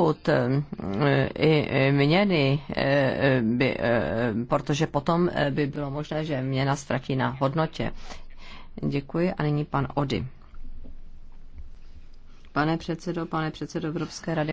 pokud eh, i měny eh, by, eh, protože potom by bylo možné, že měna ztratí na hodnotě. Děkuji a nyní pan Ody. Pane předsedo, pane předsedo Evropské rady.